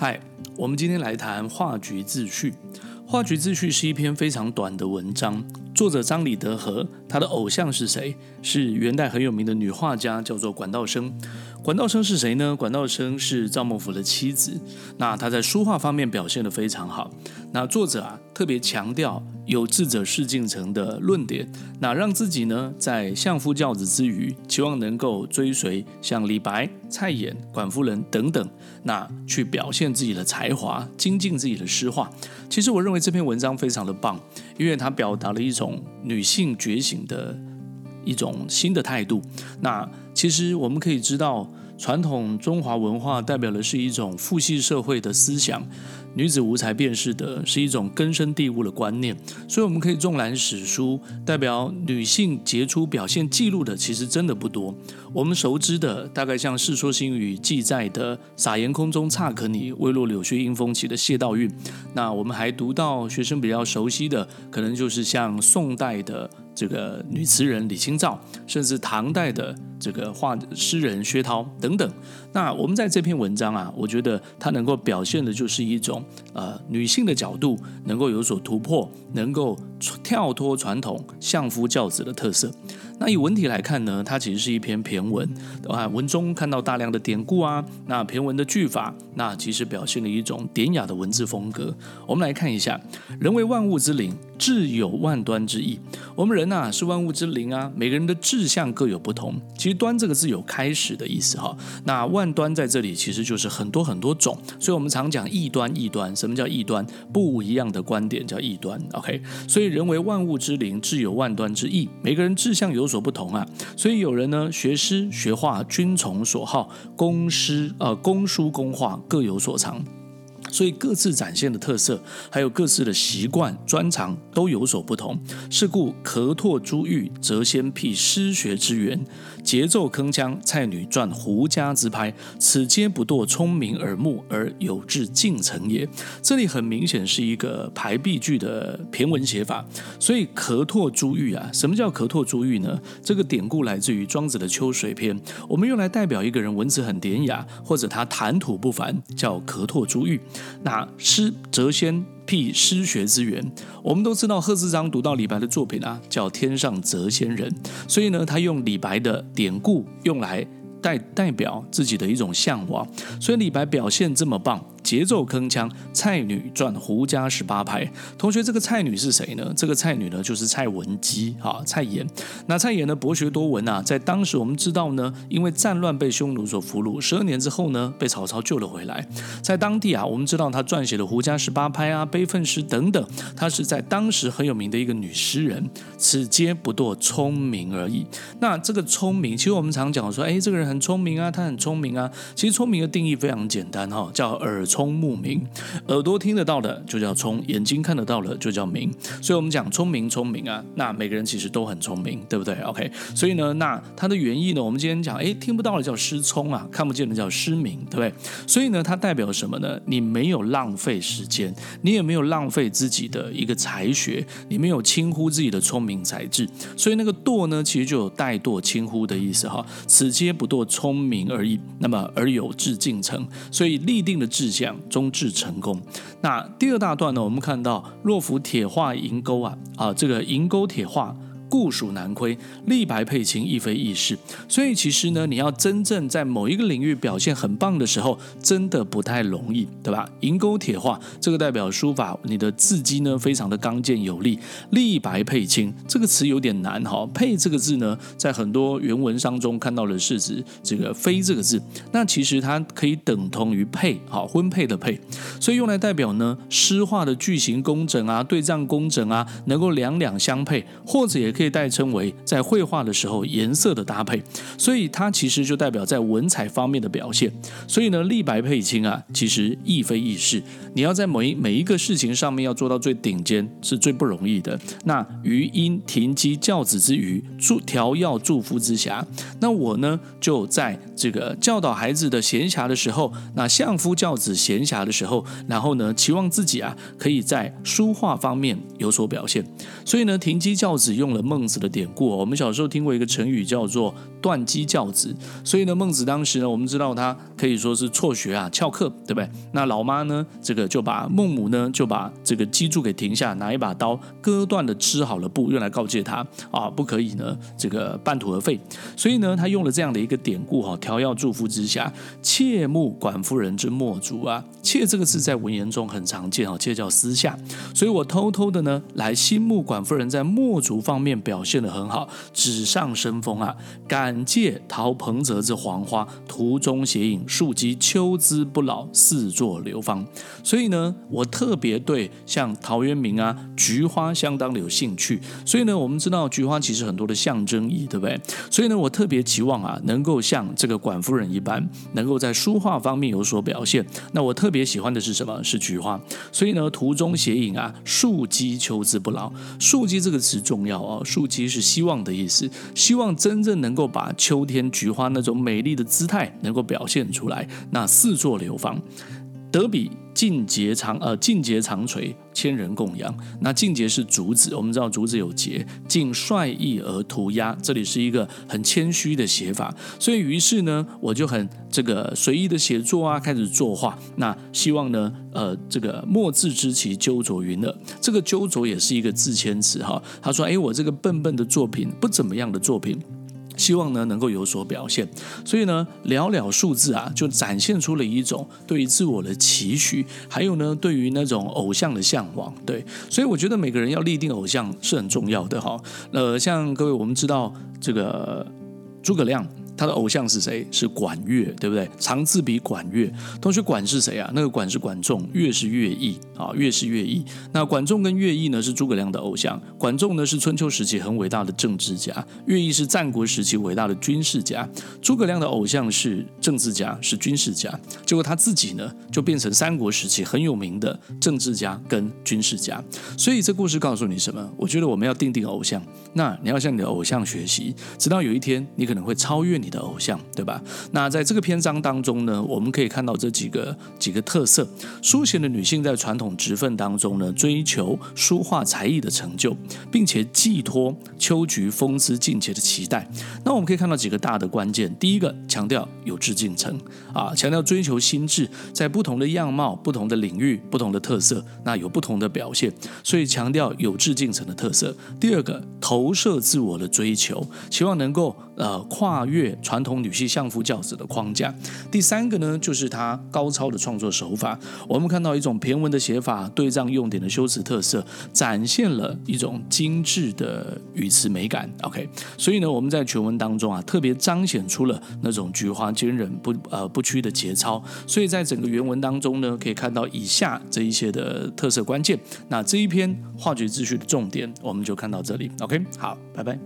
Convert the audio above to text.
嗨，我們今天來談《畫菊自序》。《畫菊自序》是一篇非常短的文章，作者張李德和他的偶像是誰？是元代很有名的女畫家，叫做管道升。管道升是誰呢？管道升是趙孟頫的妻子。那她在書畫方面表現得非常好。那作者啊特別強調“有志者事竟成”的論點，那讓自己呢在相夫教子之餘，期望能夠追隨像李白、蔡琰、管夫人等等，那去表現自己的才華，精進自己的詩畫。其實我認為這篇文章非常的棒，因為它表達了一種女性覺醒的。一種新的態度。那其實我們可以知道，傳統中華文化代表的是一種父系社會的思想，女子無才便是德是一種根深蒂固的觀念。所以我們可以縱覽史書，代表女性傑出表現記錄的，其實真的不多。我們熟知的，大概像《世說新語》記載的“撒鹽空中差可擬，未若柳絮因風起”的謝道韞。那我們還讀到學生比較熟悉的，可能就是像宋代的。這個女詞人李清照，甚至唐代的這個畫詩人薛濤等等。那我們在這篇文章啊，我覺得它能夠表現的就是一種呃女性的角度，能夠有所突破，能夠跳脫傳統相夫教子的特色。那以文體來看呢，它其實是一篇駢文，文中看到大量的典故啊。那駢文的句法，那其實表現了一種典雅的文字風格。我們來看一下，人為萬物之靈。智有萬端之意，我們人吶、啊、是萬物之靈啊，每個人的志向各有不同。其實“端”這個字有開始的意思哈、啊，那萬端在這裡其實就是很多很多種。所以我們常講異端，異端。什麼叫異端？不一樣的觀點叫異端。OK，所以人為萬物之靈，志有萬端之意，每個人志向有所不同啊。所以有人呢學詩學畫，均從所好；工詩啊，工、呃、書工畫，各有所長。所以各自展現的特色，還有各自的習慣專長都有所不同，是故咳唾珠玉，則先闢詩學之源，節奏鏗鏘，《蔡女傳》胡笳之拍，此皆不墮聰明耳目而有志竟成也。這裡很明顯是一個排比句的駢文寫法，所以“咳唾珠玉”啊，什麼叫“咳唾珠玉”呢？這個典故來自於《莊子》的《秋水篇》，我們用來代表一個人文字很典雅，或者他談吐不凡，叫“咳唾珠玉”。那詩則先。闢詩學之源，我們都知道，賀知章讀到李白的作品啊，叫“天上謫仙人”，所以呢，他用李白的典故用來代代表自己的一種嚮往，所以李白表現這麼棒。節奏鏗鏘，《蔡女傳》《胡笳十八拍》。同學，這個蔡女是誰呢？這個蔡女呢，就是蔡文姬啊，蔡琰。那蔡琰呢，博學多聞啊。在當時，我們知道呢，因為戰亂被匈奴所俘虜，十二年之後呢，被曹操救了回來。在當地啊，我們知道她撰寫了《胡笳十八拍》啊、《悲憤詩》等等。她是在當時很有名的一個女詩人。此皆不墮聰明而已。那這個聰明，其實我們常講說，哎，這個人很聰明啊，他很聰明啊。其實聰明的定義非常簡單哈，叫耳聰。聰目明，耳朵聽得到的就叫聰，眼睛看得到的就叫明。所以，我們講聰明聰明啊，那每個人其實都很聰明，對不對？OK，所以呢，那它的原意呢，我們今天講，誒，聽不到了叫失聰啊，看不見的叫失明，對不對？所以呢，它代表什麼呢？你沒有浪費時間，你也沒有浪費自己的一個才學，你沒有輕忽自己的聰明才智。所以那個惰呢，其實就有怠惰輕忽的意思哈。此皆不惰聰明而已，那麼而有志竟成。所以立定的志向。終至成功。那第二大段呢？我們看到若夫鐵畫銀鈎啊啊，這個銀鈎鐵畫。固屬難窺，立白配青亦非易事。所以其實呢，你要真正在某一個領域表現很棒的時候，真的不太容易，對吧？銀鈎鐵畫這個代表書法，你的字跡呢非常的剛健有力。立白配青這個詞有點難哈、哦，配這個字呢，在很多原文當中看到的是指這個妃這個字，那其實它可以等同於配哈、哦，婚配的配，所以用來代表呢詩畫的句型工整啊，對仗工整啊，能夠兩兩相配，或者也。可以代稱為在繪畫的時候顏色的搭配，所以它其實就代表在文采方面的表現。所以呢，立白配青啊，其實亦非易事。你要在某一每一個事情上面要做到最頂尖，是最不容易的。那余因停機教子之餘，助調藥助夫之暇，那我呢就在這個教導孩子的閒暇的時候，那相夫教子閒暇的時候，然後呢期望自己啊可以在書畫方面有所表現。所以呢，停機教子用了。孟子的典故，我們小時候聽過一個成語叫做“斷機教子”，所以呢，孟子當時呢，我們知道他可以說是輟學啊、翹課，對不對？那老媽呢，這個就把孟母呢就把這個機杼給停下，拿一把刀割斷了織好了布，用來告誡他啊，不可以呢這個半途而廢。所以呢，他用了這樣的一個典故哈，調藥祝福之下，竊慕管夫人之墨竹啊。竊這個字在文言中很常見啊，竊叫私下，所以我偷偷的呢來欣慕管夫人在墨竹方面，表現得很好，紙上生風啊！敢藉陶彭澤之黃花，圖中寫影，庶幾秋姿不老，四座流芳。所以呢，我特別對像陶淵明啊，菊花相當的有興趣。所以呢，我們知道菊花其實很多的象徵意，對不對？所以呢，我特別期望啊，能夠像這個管夫人一般，能夠在書畫方面有所表現。那我特別喜歡的是什麼？是菊花。所以呢，圖中寫影啊，庶幾秋之不老，庶幾這個詞重要啊，哦。庶幾是希望的意思，希望真正能夠把秋天菊花那種美麗的姿態能夠表現出來，那四座流芳。德比勁節長，呃，勁節長垂，千人共仰。那勁節是竹子，我們知道竹子有節，盡率意而塗鴉。這裡是一個很謙虛的寫法，所以於是呢，我就很這個隨意的寫作啊，開始作畫。那希望呢，呃，這個墨字之奇糾琢云耳。這個糾琢也是一個自謙詞哈、哦。他說：“哎，我這個笨笨的作品，不怎麼樣的作品。”希望呢能夠有所表現，所以呢寥寥數字啊，就展現出了一種對於自我的期許，還有呢，對於那種偶像的向往。對，所以我覺得每個人要立定偶像是很重要的哈、哦。呃，像各位我們知道這個諸葛亮。他的偶像是誰？是管樂，對不對？常自比管樂。同學，管是誰啊？那個管是管仲，樂是樂毅啊、哦，樂是樂毅。那管仲跟樂毅呢，是諸葛亮的偶像。管仲呢，是春秋時期很偉大的政治家；樂毅是戰國時期偉大的軍事家。諸葛亮的偶像是政治家，是軍事家。結果他自己呢，就變成三國時期很有名的政治家跟軍事家。所以這故事告訴你什麼？我覺得我們要定定偶像。那你要向你的偶像學習，直到有一天，你可能會超越你的偶像，對吧？那在這個篇章當中呢，我們可以看到這幾個幾個特色：書寫的女性在傳統職份當中呢，追求書畫才藝的成就，並且寄托秋菊風姿境界的期待。那我們可以看到幾個大的關鍵：第一個，強調有志竟成啊，強調追求心智，在不同的樣貌、不同的領域、不同的特色，那有不同的表現，所以強調有志竟成的特色；第二個，投射自我的追求，希望能夠。呃，跨越傳統女性相夫教子的框架。第三個呢，就是她高超的創作手法。我們看到一種駢文的寫法，對仗用典的修辭特色，展現了一種精緻的語詞美感。OK，所以呢，我們在全文當中啊，特別彰顯出了那種菊花堅韌不呃不屈的節操。所以在整個原文當中呢，可以看到以下這一些的特色關鍵。那這一篇畫菊自序的重點，我們就看到這裡。OK，好，拜拜。